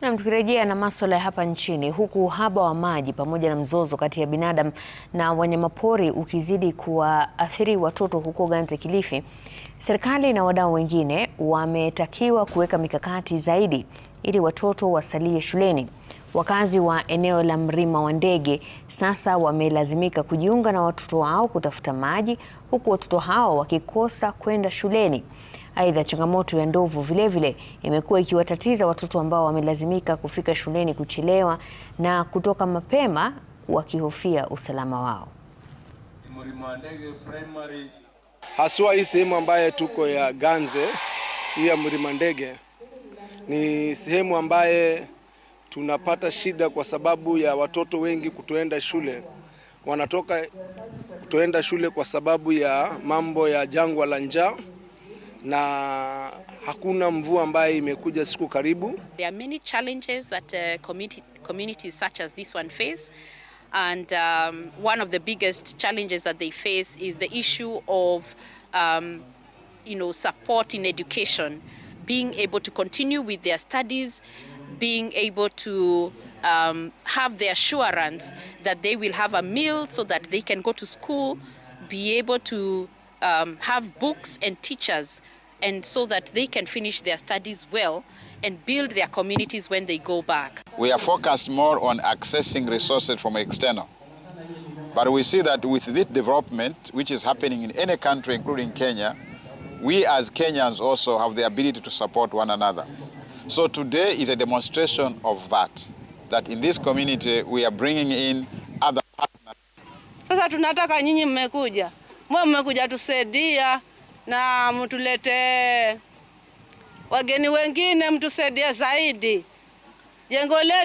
Na tukirejea na masuala ya hapa nchini, huku uhaba wa maji pamoja na mzozo kati ya binadamu na wanyamapori ukizidi kuwaathiri watoto huko Ganze, Kilifi, serikali na wadau wengine wametakiwa kuweka mikakati zaidi ili watoto wasalie shuleni. Wakazi wa eneo la Mlima wa Ndege sasa wamelazimika kujiunga na watoto wao kutafuta maji, huku watoto hao wakikosa kwenda shuleni. Aidha, changamoto ya ndovu vilevile imekuwa ikiwatatiza watoto ambao wamelazimika kufika shuleni kuchelewa na kutoka mapema wakihofia usalama wao. Haswa hii sehemu ambayo tuko ya Ganze hii ya Mlima Ndege ni sehemu ambaye tunapata shida kwa sababu ya watoto wengi kutoenda shule, wanatoka kutoenda shule kwa sababu ya mambo ya jangwa la njaa na hakuna mvua ambayo imekuja siku karibu. There are many challenges that uh, community, communities such as this one face and um, one of the biggest challenges that they face is the issue of um, you know support in education being able to continue with their studies being able to um, have the assurance that they will have a meal so that they can go to school be able to um, have books and teachers and so that they can finish their studies well and build their communities when they go back. We are focused more on accessing resources from external. But we see that with this development, which is happening in any country, including Kenya, we as Kenyans also have the ability to support one another. So today is a demonstration of that, that in this community we are bringing in other partners. Sasa tunataka nyinyi mmekuja mwe mmekuja tusaidia na mtulete wageni wengine mtusaidie zaidi jengo letu.